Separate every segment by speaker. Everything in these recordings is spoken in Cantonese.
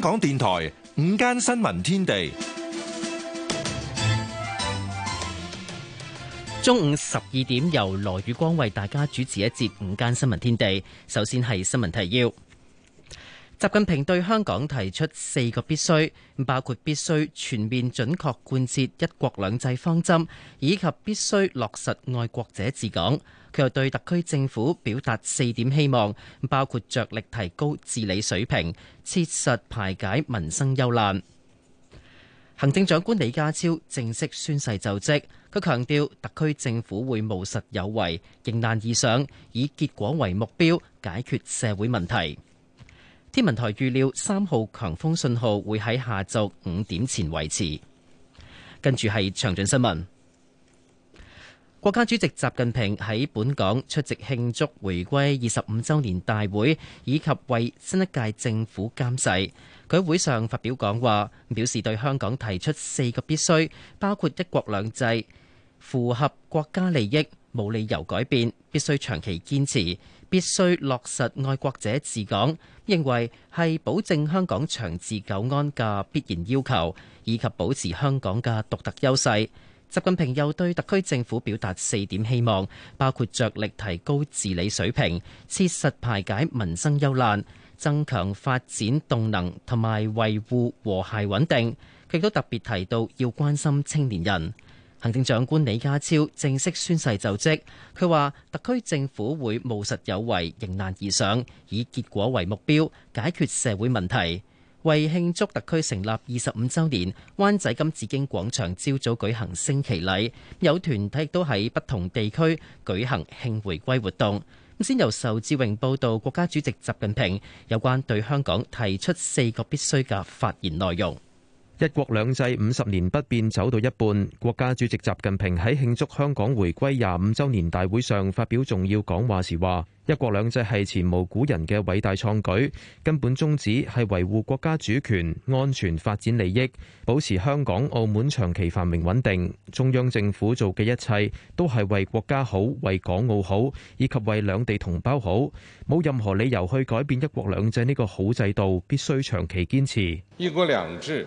Speaker 1: 香港電台午間新聞天地，
Speaker 2: 中午十二點由羅宇光為大家主持一節午間新聞天地。首先係新聞提要：習近平對香港提出四個必須，包括必須全面準確貫徹一國兩制方針，以及必須落實愛國者治港。佢又對特區政府表達四點希望，包括着力提高治理水平，切實排解民生憂難。行政長官李家超正式宣誓就職，佢強調特區政府會務實有為，迎難而上，以結果為目標解決社會問題。天文台預料三號強風信號會喺下晝五點前維持。跟住係詳盡新聞。國家主席習近平喺本港出席慶祝回歸二十五週年大會，以及為新一屆政府監誓。佢喺會上發表講話，表示對香港提出四個必須，包括一國兩制符合國家利益，冇理由改變，必須長期堅持，必須落實愛國者治港，認為係保證香港長治久安嘅必然要求，以及保持香港嘅獨特優勢。習近平又對特區政府表達四點希望，包括着力提高治理水平、切實排解民生憂難、增強發展動能同埋維護和諧穩定。佢亦都特別提到要關心青年人。行政長官李家超正式宣誓就職，佢話特區政府會務實有為、迎難而上，以結果為目標，解決社會問題。為慶祝特區成立二十五周年，灣仔金紫荊廣場朝早舉行升旗禮，有團體亦都喺不同地區舉行慶回歸活動。先由仇志榮報道國家主席習近平有關對香港提出四個必須嘅發言內容。
Speaker 3: 一國兩制五十年不變走到一半，國家主席習近平喺慶祝香港回歸廿五周年大會上發表重要講話時話：一國兩制係前無古人嘅偉大創舉，根本宗旨係維護國家主權、安全、發展利益，保持香港、澳門長期繁榮穩定。中央政府做嘅一切都係為國家好、為港澳好，以及為兩地同胞好，冇任何理由去改變一國兩制呢個好制度，必須長期堅持
Speaker 1: 一國兩制。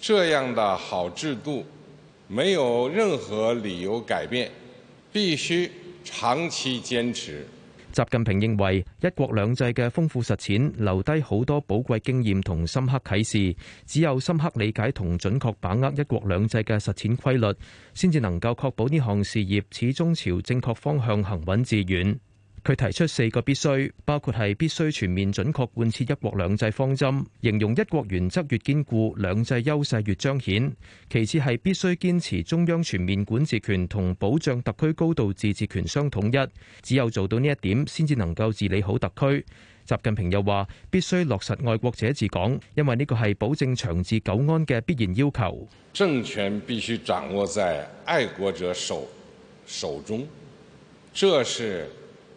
Speaker 1: 這樣的好制度，沒有任何理由改變，必須長期堅持。
Speaker 3: 習近平認為，一國兩制嘅豐富實踐留低好多寶貴經驗同深刻啟示，只有深刻理解同準確把握一國兩制嘅實踐規律，先至能夠確保呢項事業始終朝正確方向行穩致遠。佢提出四個必須，包括係必須全面準確貫徹一國兩制方針，形容一國原則越堅固，兩制優勢越彰顯，其次係必須堅持中央全面管治權同保障特區高度自治權相統一，只有做到呢一點先至能夠治理好特區。習近平又話必須落實愛國者治港，因為呢個係保證長治久安嘅必然
Speaker 1: 要求。政權必須掌握在愛國者手手中，這是。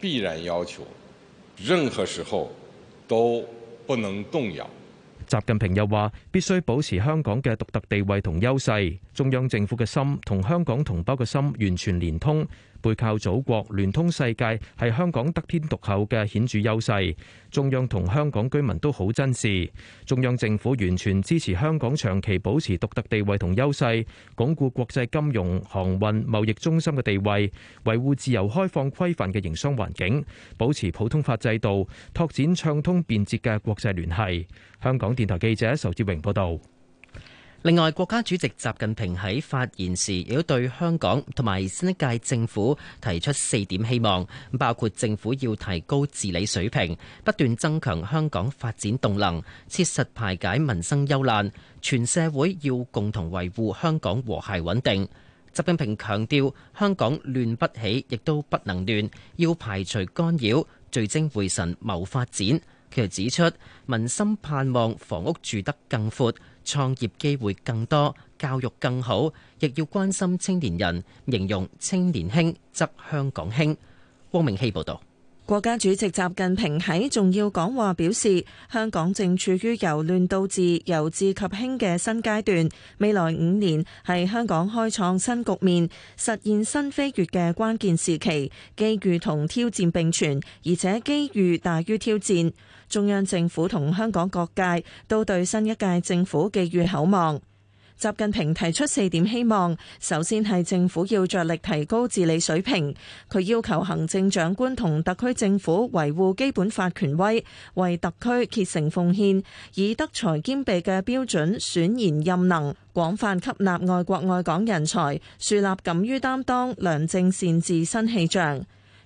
Speaker 1: 必然要求，任何時候都不能動搖。
Speaker 3: 習近平又話：必須保持香港嘅獨特地位同優勢。中央政府嘅心同香港同胞嘅心完全連通，背靠祖國聯通世界係香港得天獨厚嘅顯著優勢，中央同香港居民都好珍視，中央政府完全支持香港長期保持獨特地位同優勢，鞏固國際金融、航運、貿易中心嘅地位，維護自由開放、規範嘅營商環境，保持普通法制度，拓展暢通便捷嘅國際聯繫，香港電台記者仇志榮報道。
Speaker 2: 另外，國家主席習近平喺發言時亦都對香港同埋新一屆政府提出四點希望，包括政府要提高治理水平，不斷增強香港發展動能，切實排解民生憂難，全社會要共同維護香港和諧穩定。習近平強調，香港亂不起，亦都不能亂，要排除干擾，聚精會神謀發展。佢指出，民心盼望房屋住得更闊，創業機會更多，教育更好，亦要關心青年人。形容青年興則香港興，汪明希報道。
Speaker 4: 國家主席習近平喺重要講話表示，香港正處於由亂到治、由治及興嘅新階段，未來五年係香港開創新局面、實現新飛躍嘅關鍵時期，機遇同挑戰並存，而且機遇大於挑戰。中央政府同香港各界都對新一屆政府寄予厚望。習近平提出四點希望，首先係政府要着力提高治理水平。佢要求行政長官同特區政府維護基本法權威，為特區竭誠奉獻，以德才兼備嘅標準選賢任能，廣泛吸納愛國愛港人才，樹立敢於擔當、良政善治新氣象。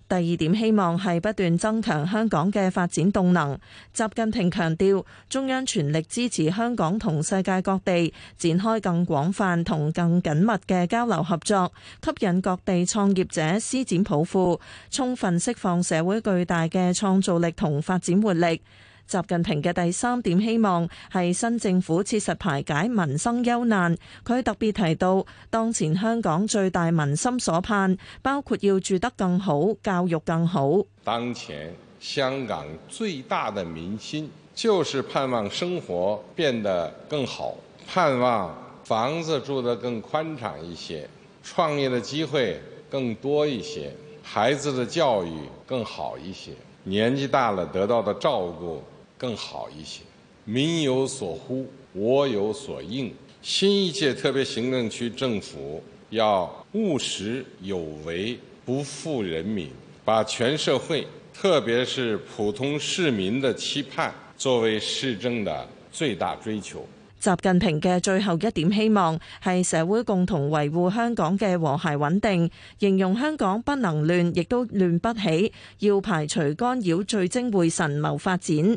Speaker 4: 第二點希望係不斷增強香港嘅發展動能。習近平強調，中央全力支持香港同世界各地展開更廣泛同更緊密嘅交流合作，吸引各地創業者施展抱負，充分釋放社會巨大嘅創造力同發展活力。習近平嘅第三點希望係新政府切實排解民生憂難。佢特別提到，當前香港最大民心所盼，包括要住得更好、教育更好。
Speaker 1: 當前香港最大的民心，就是盼望生活變得更好，盼望房子住得更寬敞一些，創業嘅機會更多一些，孩子的教育更好一些，年紀大了，得到的照顧更好一些，民有所呼，我有所應。新一屆特別行政區政府要務實有為，不負人民，把全社會，特別是普通市民的期盼作為施政的最大追求。
Speaker 4: 習近平嘅最後一點希望係社會共同維護香港嘅和諧穩定，形容香港不能亂，亦都亂不起，要排除干擾，聚精會神謀發
Speaker 1: 展。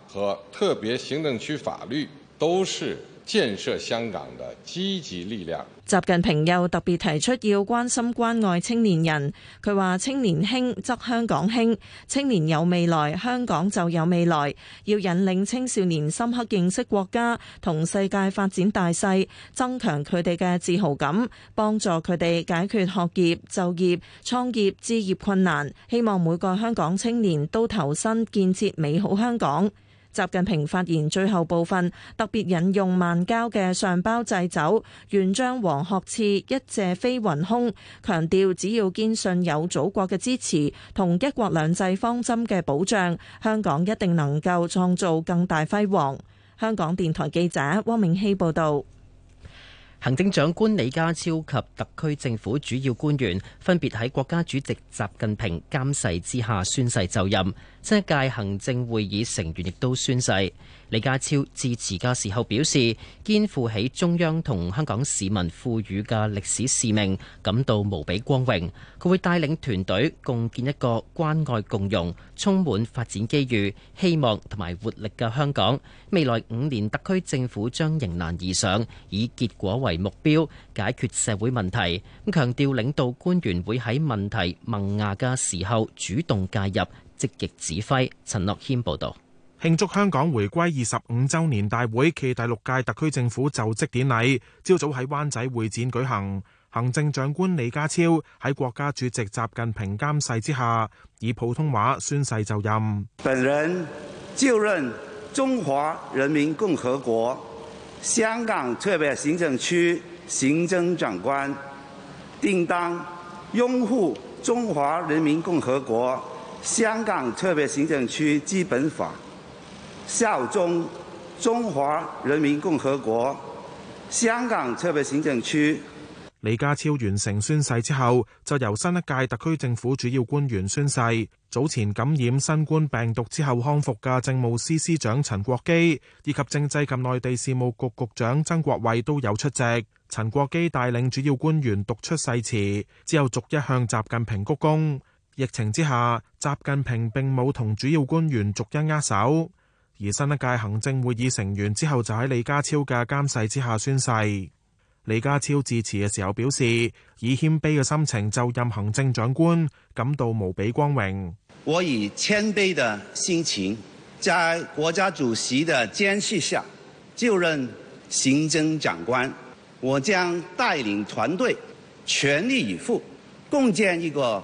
Speaker 1: 和特別行政區法律都是建設香港的積極力量。
Speaker 4: 習近平又特別提出要關心關愛青年人，佢話：青年興則香港興，青年有未來，香港就有未來。要引領青少年深刻認識國家同世界發展大勢，增強佢哋嘅自豪感，幫助佢哋解決學業、就業、創業、置業困難。希望每個香港青年都投身建設美好香港。習近平發言最後部分，特別引用孟郊嘅上包祭酒，願將黃鶴翅一借飛雲空，強調只要堅信有祖國嘅支持，同一國兩制方針嘅保障，香港一定能夠創造更大輝煌。香港電台記者汪明希報道。
Speaker 2: 行政長官李家超及特區政府主要官員分別喺國家主席習近平監誓之下宣誓就任。新一屆行政會議成員亦都宣誓。李家超致辭嘅時候表示，肩負起中央同香港市民賦予嘅歷史使命，感到無比光榮，佢會帶領團隊共建一個關愛共融、充滿發展機遇、希望同埋活力嘅香港。未來五年，特區政府將迎難而上，以結果為目標解決社會問題，咁強調，領導官員會喺問題萌芽嘅時
Speaker 5: 候主動介入。積極指揮。陳諾軒報導，慶祝香港回歸二十五週年大會暨第六屆特區政府就職典禮，朝早喺灣仔會展舉行。行政長官李家超喺國家主席習近平監誓之下，以普通話宣誓就任。
Speaker 6: 本人就任中華人民共和國香港特別行政區行政長官，定當擁護中華人民共和國，香港特別行政區基本法，效忠中華人民共和國，香港特別行政區。
Speaker 5: 李家超完成宣誓之後，就由新一屆特區政府主要官員宣誓。早前感染新冠病毒之後康復嘅政務司司長陳國基，以及政制及內地事務局局局長曾國衛都有出席。陳國基帶領主要官員讀出誓詞，之後逐一向習近平鞠躬。疫情之下，習近平並冇同主要官員逐一握手，而新一屆行政會議成員之後就喺李家超嘅監誓之下宣誓。李家超致辭嘅時候表示，以謙卑嘅心情就任行政長官，感到無比
Speaker 6: 光榮。我以謙卑的心情，在國家主席的監誓下就任行政長官，我將帶領團隊全力以赴，共建一個。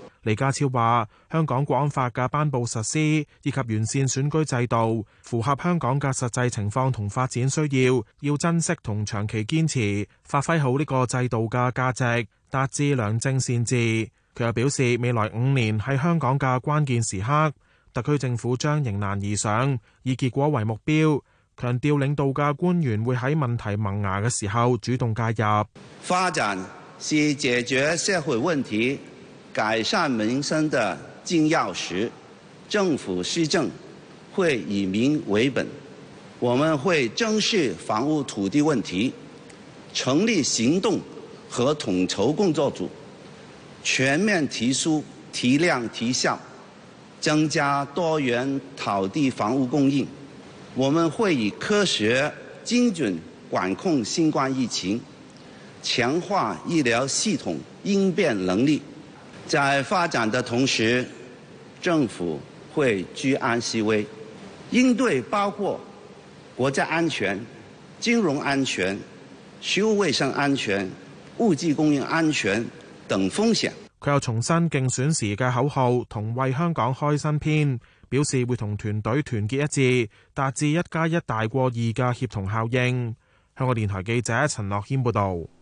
Speaker 5: 李家超話：香港國安法嘅頒布實施以及完善選舉制度，符合香港嘅實際情況同發展需要，要珍惜同長期堅持，發揮好呢個制度嘅價值，達至良政善治。佢又表示，未來五年係香港嘅關鍵時刻，特區政府將迎難而上，以結果為目標，強調領導嘅官員會喺問題萌芽嘅時候主動介入。
Speaker 6: 發展是解決社會問題，改善民生的金鑰匙，政府施政會以民為本，我們會正視房屋土地問題，成立行動和統籌工作組，全面提速、提量、提效，增加多元土地房屋供應。我們會以科學精準管控新冠疫情，強化醫療系統應變能力。在發展的同時，政府會居安思危，應對包括國家安全、金融安全、食物衛生安全、物資供應安全等風險。
Speaker 5: 佢又重申競選時嘅口號同為香港開新篇，表示會同團隊團結一致，達至一加一大過二嘅協同效應。香港電台記者陳樂軒報導。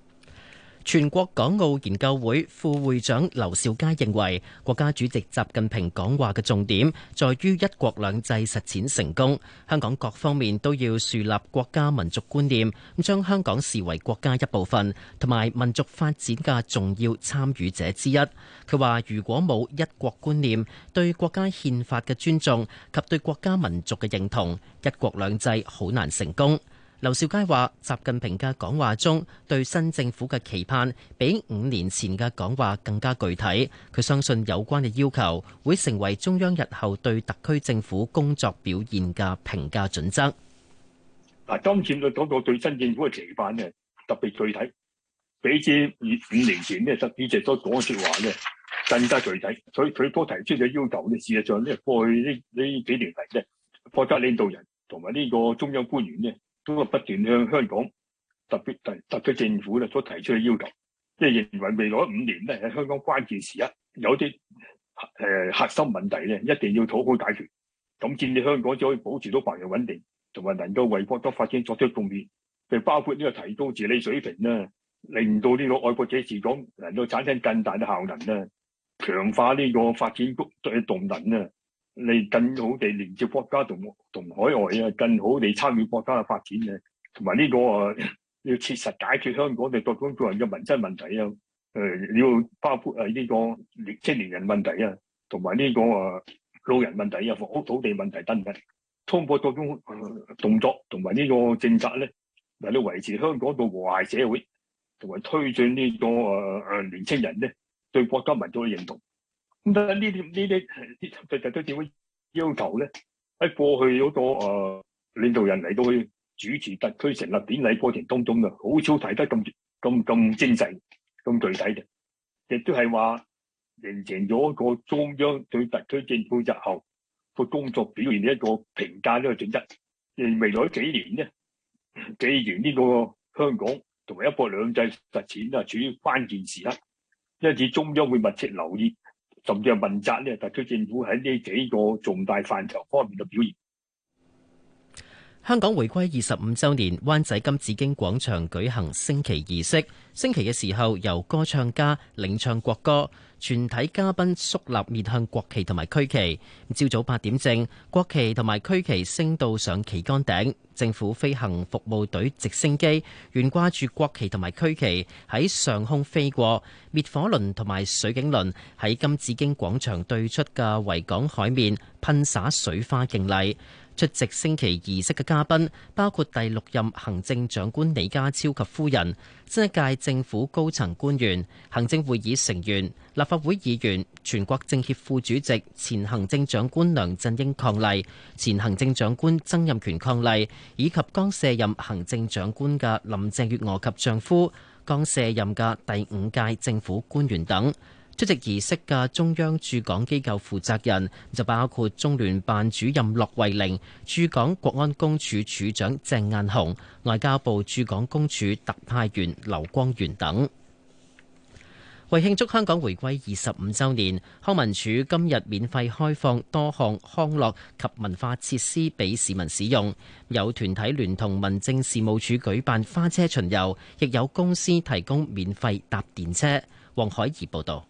Speaker 5: 全國港澳研究會副
Speaker 2: 會長劉兆佳認為國家主席習近平講話，嘅重點在於一國兩制實踐成功，香港各方面都要樹立國家民族觀念，將香港視為國家一部分，同埋民族發展嘅重要參與者之一。佢話，如果冇一國觀念、對國家憲法嘅尊重及對國家民族嘅認同，一國兩制好難成功。劉少佳話，習近平嘅講話中對新政府嘅期盼，比五年前嘅講話更加具體。佢相信有關嘅要求會成為中央日後對特區政府工作表現嘅評價準則。
Speaker 7: 嗱，今次嘅嗰個對新政府嘅期盼咧，特別具體，比之五五年前咧，習近平所講說話咧更加具體。所以佢都提出嘅要求咧，事實上咧，過去呢呢幾年嚟咧，國家領導人同埋呢個中央官員咧。都係不斷向香港，特別特特區政府咧所提出嘅要求，即係認為未來五年咧喺香港關鍵時刻一，有啲誒核心問題咧一定要討好解決，咁先至香港就可以保持到繁榮穩定，同埋能夠為國家發展作出貢獻，就包括呢個提高治理水平啦，令到呢個愛國者治港能夠產生更大嘅效能啦，強化呢個發展谷嘅動能你更好地連接國家同同海外啊，更好地參與國家嘅發展啊，同埋呢個啊，要切實解決香港嘅各種各樣嘅民生問題啊，誒，要包括誒呢個年即年輕人問題啊，同埋呢個啊老人問題啊，房屋土地問題等等，通過各種動作同埋呢個政策咧，為咗維持香港個和諧社會，同埋推進呢個誒誒年輕人咧對國家民族嘅認同。咁但係呢啲呢啲特特區政府要求咧，喺過去好多誒領導人嚟到去主持特區成立典禮過程當中嘅好少睇得咁咁咁精細咁具體嘅，亦都係話形成咗一個中央對特區政府日後個工作表現嘅一個評價嘅準則。未來幾年咧，既然呢個香港同埋一國兩制實踐啊，處於關鍵時刻，因此中央會密切留意。甚至係問責呢，特區政府喺呢幾個重大範疇方面嘅表現。
Speaker 2: 香港回歸二十五周年，灣仔金紫荊廣場舉行升旗儀式。升旗嘅時候，由歌唱家領唱國歌。全體嘉賓肅立，面向國旗同埋區旗。朝早八點正，國旗同埋區旗升到上旗杆頂。政府飛行服務隊直升機懸掛住國旗同埋區旗喺上空飛過。滅火輪同埋水警輪喺金紫荊廣場對出嘅維港海面噴灑水花敬禮。出席升旗儀式嘅嘉賓包括第六任行政長官李家超及夫人，新一屆政府高層官員、行政會議成員、立法會議員、全國政協副主席、前行政長官梁振英伉儷、前行政長官曾蔭權伉儷，以及剛卸任行政長官嘅林鄭月娥及丈夫，剛卸任嘅第五屆政府官員等。出席儀式嘅中央駐港機構負責人就包括中聯辦主任駱惠寧、駐港國安公署署長鄭雁雄、外交部駐港公署特派員劉光源等。為慶祝香港回歸二十五週年，康文署今日免費開放多項康樂及文化設施俾市民使用，有團體聯同民政事務處舉辦花車巡遊，亦有公司提供免費搭電車。黃海怡報導。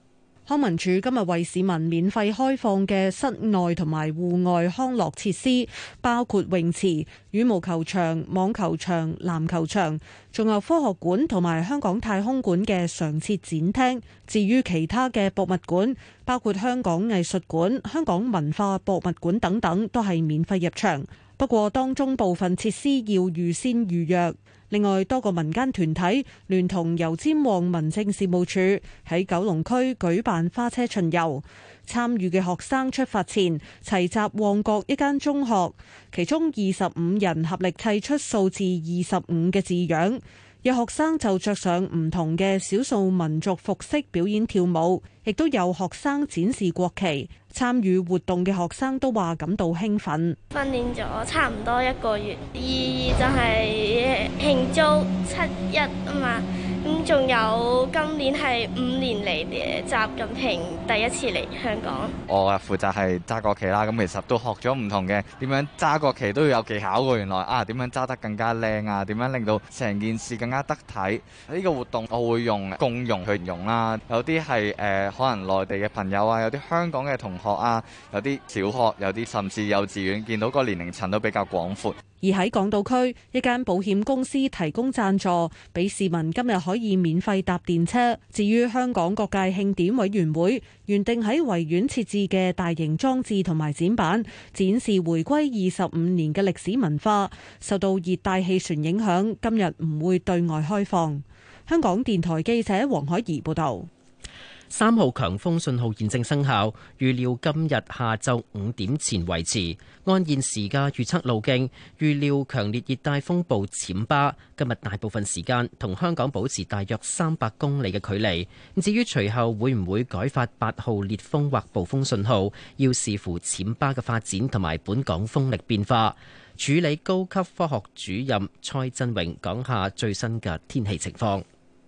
Speaker 8: 康文署今日為市民免費開放嘅室內同埋戶外康樂設施，包括泳池、羽毛球場、網球場、籃球場，仲有科學館同埋香港太空館嘅常設展廳。至於其他嘅博物館，包括香港藝術館、香港文化博物館等等，都係免費入場。不過，當中部分設施要預先預約。另外，多個民間團體聯同油尖旺民政事務處喺九龍區舉辦花車巡遊，參與嘅學生出發前齊集旺角一間中學，其中二十五人合力砌出數字二十五嘅字樣。有學生就着上唔同嘅少數民族服飾表演跳舞，亦都有學生展示國旗。參與活動嘅學生都話感到興奮。
Speaker 9: 訓練咗差唔多一個月，意義就係慶祝七一啊嘛。咁仲有今年係五年嚟嘅習近平第一次嚟香港。
Speaker 3: 我啊負責係揸國旗啦，咁其實都學咗唔同嘅點樣揸國旗都要有技巧喎。原來啊，點樣揸得更加靚啊，點樣令到成件事更加得體。呢個活動我會用共融去形容啦，有啲係誒可能內地嘅朋友啊，有啲香港嘅同學啊，有啲小學，有啲甚至幼稚園，見到個年齡層都比較廣闊。
Speaker 8: 而喺港島區，一間保險公司提供贊助，俾市民今日可以免費搭電車。至於香港各界慶典委員會原定喺維園設置嘅大型裝置同埋展板，展示回歸二十五年嘅歷史文化，受到熱帶氣旋影響，今日唔會對外開放。香港電台記者黃海怡報導。
Speaker 2: 三號強風信號現正生效，預料今日下晝五點前維持。按現時嘅預測路徑，預料強烈熱帶風暴淺巴今日大部分時間同香港保持大約三百公里嘅距離。至於隨後會唔會改發八號烈風或暴風信號，要視乎淺巴嘅發展同埋本港風力變化。署理高級科學主任蔡振榮講下最新嘅天氣情況。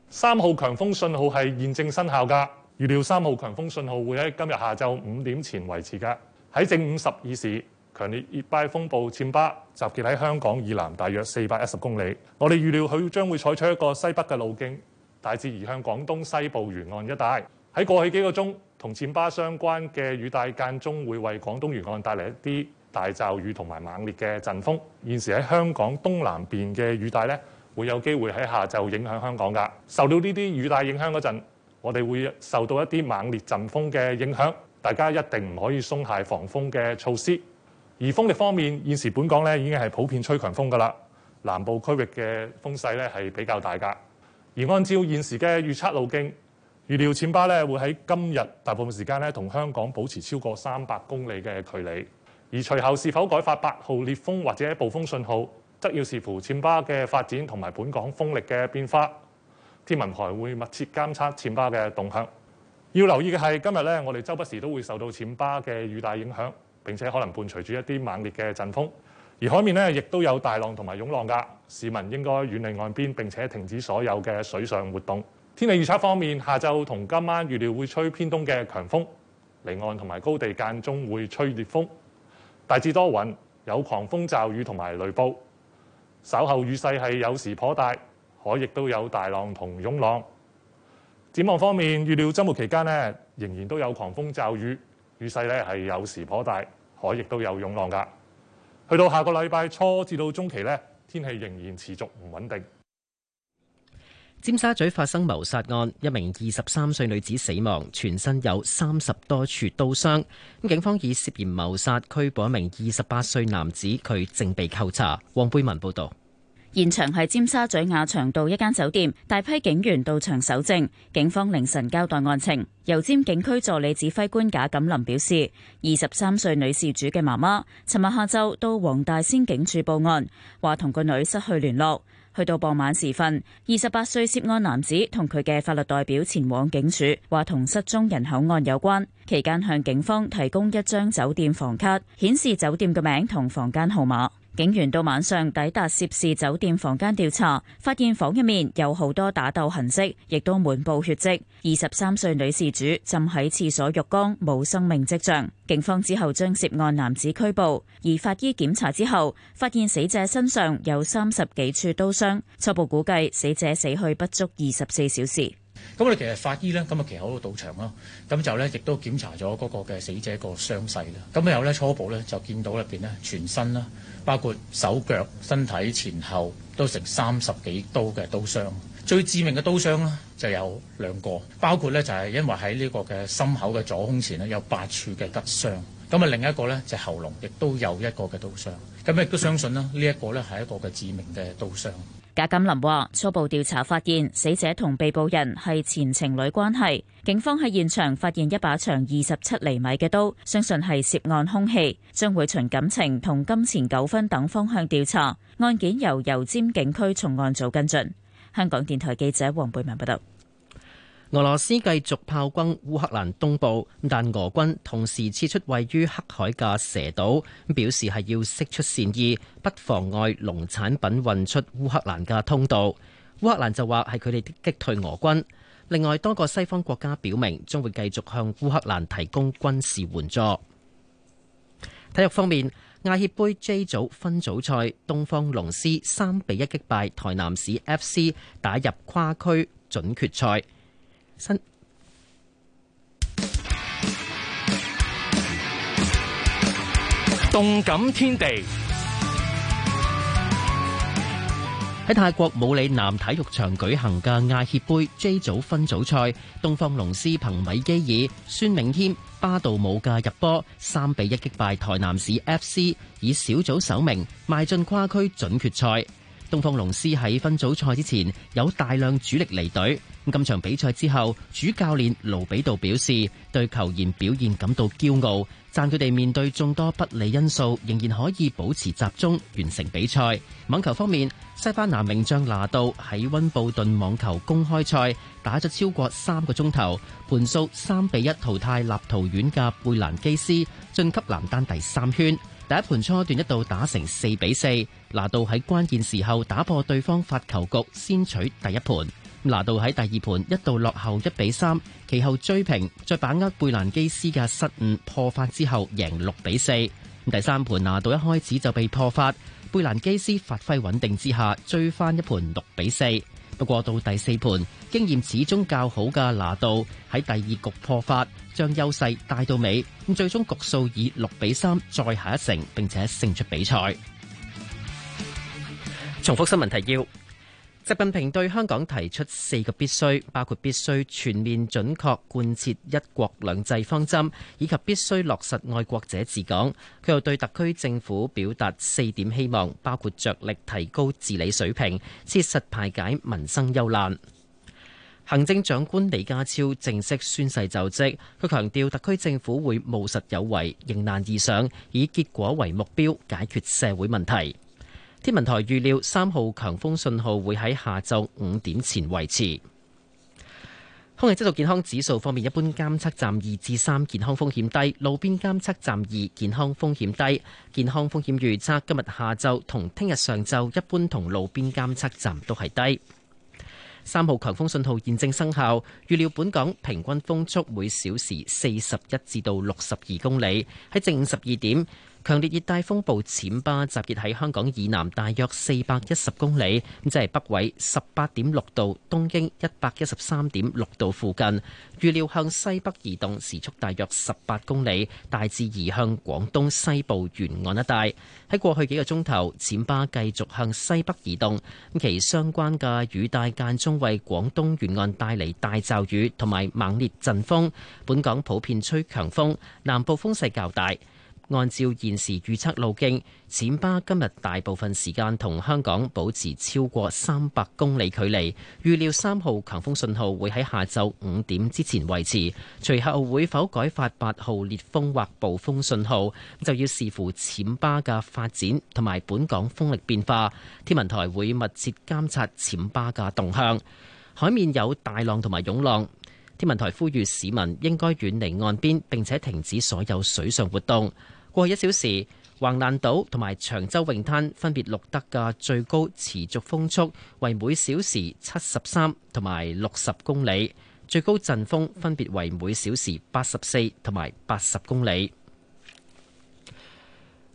Speaker 10: 三號強風信號係現正生效㗎。預料三號強風信號會喺今日下晝五點前維持㗎。喺正午十二時，強烈熱帶風暴暹巴集結喺香港以南大約四百一十公里。我哋預料佢將會採取一個西北嘅路徑，大致移向廣東西部沿岸一帶。喺過去幾個鐘，同暹巴相關嘅雨帶間中會為廣東沿岸帶嚟一啲大驟雨同埋猛烈嘅陣風。現時喺香港東南邊嘅雨帶咧，會有機會喺下晝影響香港㗎。受咗呢啲雨帶影響嗰陣，我哋會受到一啲猛烈陣風嘅影響，大家一定唔可以鬆懈防風嘅措施。而風力方面，現時本港咧已經係普遍吹強風㗎啦。南部區域嘅風勢咧係比較大㗎。而按照現時嘅預測路徑，預料暹芭咧會喺今日大部分時間咧同香港保持超過三百公里嘅距離。而隨後是否改發八號烈風或者暴風信號，則要視乎暹芭嘅發展同埋本港風力嘅變化。天文台會密切監察淺巴嘅動向。要留意嘅係，今日咧，我哋周不時都會受到淺巴嘅雨帶影響，並且可能伴隨住一啲猛烈嘅陣風。而海面咧，亦都有大浪同埋湧浪㗎。市民應該遠離岸邊，並且停止所有嘅水上活動。天氣預測方面，下晝同今晚預料會吹偏東嘅強風，離岸同埋高地間中會吹烈風，大致多雲，有狂風驟雨同埋雷暴，稍後雨勢係有時頗大。海亦都有大浪同湧浪。展望方面，預料周末期間咧，仍然都有狂風驟雨，雨勢咧係有時頗大，海亦都有湧浪噶。去到下個禮拜初至到中期咧，天氣仍然持續唔穩定。
Speaker 2: 尖沙咀發生謀殺案，一名二十三歲女子死亡，全身有三十多處刀傷。咁警方以涉嫌謀殺拘捕一名二十八歲男子，佢正被扣查。黃貝文報導。
Speaker 9: 現場係尖沙咀雅長道一間酒店，大批警員到場搜證。警方凌晨交代案情。油尖警區助理指揮官賈錦林表示，二十三歲女事主嘅媽媽尋日下晝到黃大仙警署報案，話同個女失去聯絡。去到傍晚時分，二十八歲涉案男子同佢嘅法律代表前往警署，話同失蹤人口案有關。期間向警方提供一張酒店房卡，顯示酒店嘅名同房間號碼。警員到晚上抵達涉事酒店房間調查，發現房入面有好多打鬥痕迹，亦都滿布血迹。二十三歲女事主浸喺廁所浴缸，冇生命迹象。警方之後將涉案男子拘捕，而法醫檢查之後，發現死者身上有三十幾處刀傷，初步估計死者死去不足二十四小時。
Speaker 3: 咁我哋其實法醫咧，咁啊，其後好到場啦，咁就咧，亦都檢查咗嗰個嘅死者個傷勢啦。咁有咧初步咧，就見到入邊咧全身啦，包括手腳、身體前後都成三十幾刀嘅刀傷。最致命嘅刀傷咧就有兩個，包括咧就係、是、因為喺呢個嘅心口嘅左胸前咧有八處嘅割傷。咁啊，另一個咧就是、喉嚨亦都有一個嘅刀傷。咁亦都相信啦，這個、呢是一個咧係一個嘅致命嘅刀傷。
Speaker 9: 賈金林話：初步調查發現，死者同被捕人係前情侶關係。警方喺現場發現一把長二十七厘米嘅刀，相信係涉案凶器。將會循感情同金錢糾紛等方向調查，案件由油尖警區重案組跟進。香港電台記者黃貝文報道。俄羅斯繼續炮轟
Speaker 2: 烏克蘭東部，但俄軍同時撤出位於黑海嘅蛇島，表示係要釋出善意，不妨礙農產品運出烏克蘭嘅通道。烏克蘭就話係佢哋擊退俄軍。另外，多個西方國家表明將會繼續向烏克蘭提供軍事援助。體育方面，亞協杯 J 組分組賽，東方龍獅三比一擊敗台南市 FC，打入跨區準決賽。新動感天地，喺泰國武里南體育場舉行嘅亞協杯 J 組分組賽，東方龍獅憑米基爾、孫明謙、巴道武嘅入波，三比一擊敗台南市 FC，以小組首名邁進跨區準決賽。東方龍獅喺分組賽之前有大量主力離隊，咁今場比賽之後，主教練盧比杜表示對球員表現感到驕傲，讚佢哋面對眾多不利因素仍然可以保持集中完成比賽。網球方面，西班牙名將拿度喺溫布頓網球公開賽打咗超過三個鐘頭，盤數三比一淘汰立陶宛嘅貝蘭基斯，晉級男單第三圈。第一盤初段一度打成四比四，拿度喺關鍵時候打破對方發球局，先取第一盤。拿度喺第二盤一度落後一比三，其後追平，再把握貝蘭基斯嘅失誤破發之後，贏六比四。第三盤拿度一開始就被破發，貝蘭基斯發揮穩定之下追返一盤六比四。不過到第四盤，經驗始終較好嘅拿度喺第二局破發，將優勢帶到尾，咁最終局數以六比三再下一城，並且勝出比賽。重複新聞提要。習近平對香港提出四個必須，包括必須全面準確貫徹一國兩制方針，以及必須落實愛國者治港。佢又對特區政府表達四點希望，包括着力提高治理水平，切實排解民生憂難。行政長官李家超正式宣誓就職，佢強調特區政府會務實有為，迎難而上，以結果為目標解決社會問題。天文台預料三號強風信號會喺下晝五點前維持。空氣質素健康指數方面，一般監測站二至三，健康風險低；路邊監測站二，健康風險低。健康風險預測今日下晝同聽日上晝一般，同路邊監測站都係低。三號強風信號現正生效，預料本港平均風速每小時四十一至到六十二公里。喺正午十二點。強烈熱帶風暴淺巴集結喺香港以南大約四百一十公里，即係北緯十八點六度、東經一百一十三點六度附近。預料向西北移動，時速大約十八公里，大致移向廣東西部沿岸一帶。喺過去幾個鐘頭，淺巴繼續向西北移動，其相關嘅雨帶間中為廣東沿岸帶嚟大驟雨同埋猛烈陣風。本港普遍吹強風，南部風勢較大。按照現時預測路徑，暹巴今日大部分時間同香港保持超過三百公里距離。預料三號強風信號會喺下晝五點之前維持，隨後會否改發八號烈風或暴風信號，就要視乎暹巴嘅發展同埋本港風力變化。天文台會密切監察暹巴嘅動向。海面有大浪同埋湧浪。天文台呼籲市民應該遠離岸邊，並且停止所有水上活動。過去一小時，橫瀾島同埋長洲泳灘分別錄得嘅最高持續風速為每小時七十三同埋六十公里，最高陣風分別為每小時八十四同埋八十公里。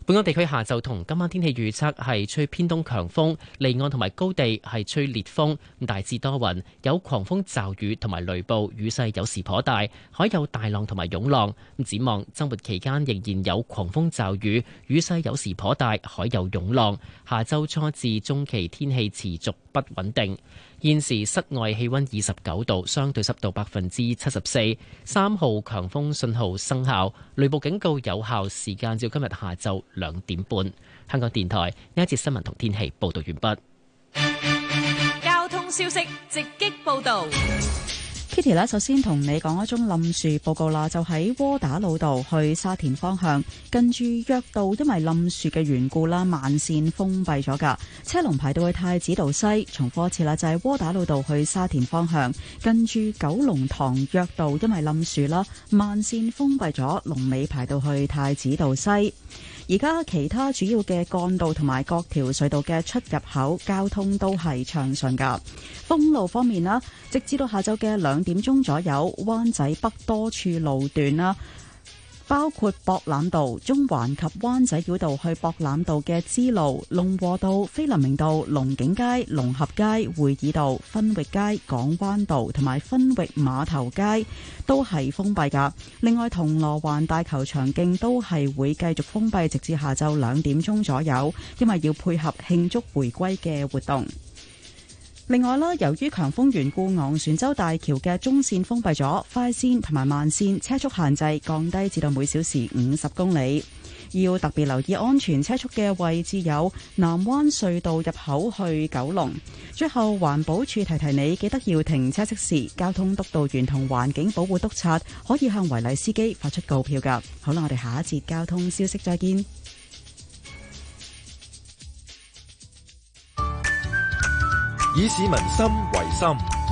Speaker 2: 本港地區下晝同今晚天氣預測係吹偏東強風，離岸同埋高地係吹烈風，大致多雲，有狂風驟雨同埋雷暴，雨勢有時頗大，海有大浪同埋湧浪。展望周末期間仍然有狂風驟雨，雨勢有時頗大，海有湧浪。下周初至中期天氣持續不穩定。現時室外氣溫二十九度，相對濕度百分之七十四，三號強風信號生效，雷暴警告有效時間至今日下晝兩點半。香港電台呢一節新聞同天氣報道完畢。
Speaker 4: 交通消息直擊報道。
Speaker 11: Kitty 首先同你講一宗冧樹報告啦，就喺窩打老道去沙田方向，近住約道，因為冧樹嘅緣故啦，慢線封閉咗噶，車龍排到去太子道西。重複一次啦，就係窩打老道去沙田方向，近住九龍塘約道，因為冧樹啦，慢線封閉咗，龍尾排到去太子道西。而家其他主要嘅幹道同埋各條隧道嘅出入口交通都係暢順㗎。封路方面啦，直至到下晝嘅兩點鐘左右，灣仔北多處路段啦。包括博覽道、中環及灣仔繞道去博覽道嘅支路、龍和道、菲林明道、龍景街、龍合街、會議道、分域街、港灣道同埋分域碼頭街都係封閉噶。另外，銅鑼灣大球場徑都係會繼續封閉，直至下晝兩點鐘左右，因為要配合慶祝回歸嘅活動。另外啦，由於強風緣故，昂船洲大橋嘅中線封閉咗，快線同埋慢線車速限制降低至到每小時五十公里，要特別留意安全車速嘅位置有南灣隧道入口去九龍。最後，環保署提提你，記得要停車熄匙，交通督導員同環境保護督察可以向違例司機發出告票㗎。好啦，我哋下一節交通消息再見。以市
Speaker 7: 民心為心，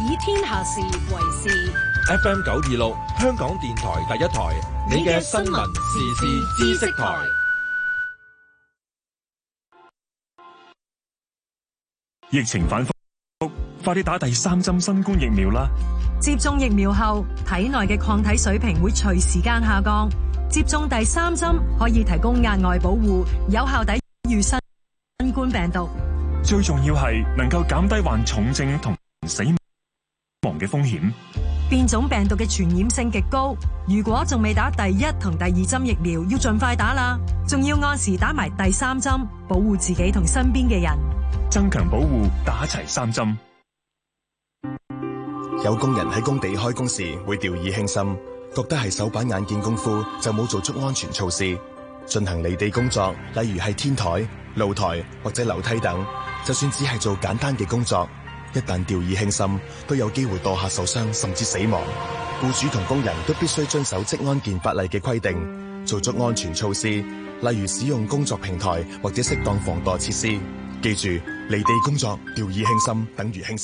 Speaker 8: 以天下事為事。
Speaker 7: FM 九二六，香港電台第一台，
Speaker 8: 你嘅新聞、時事、知識台。
Speaker 7: 疫情反覆，快啲打第三針新冠疫苗啦！
Speaker 8: 接種疫苗後，體內嘅抗體水平會隨時間下降，接種第三針可以提供額外保護，有效抵禦新冠病毒。
Speaker 7: 最重要係能夠減低患重症同死亡嘅風險。
Speaker 8: 變種病毒嘅傳染性極高，如果仲未打第一同第二針疫苗，要盡快打啦！仲要按時打埋第三針，保護自己同身邊嘅人。
Speaker 7: 增強保護，打齊三針。有工人喺工地開工時會掉以輕心，覺得係手板眼見功夫，就冇做足安全措施，進行離地工作，例如係天台、露台或者樓梯等。就算只係做簡單嘅工作，一旦掉以輕心，都有機會墮下受傷甚至死亡。僱主同工人都必須遵守職安健法例嘅規定，做足安全措施，例如使用工作平台或者適當防墮設施。記住，離地工作掉以輕心等於輕心。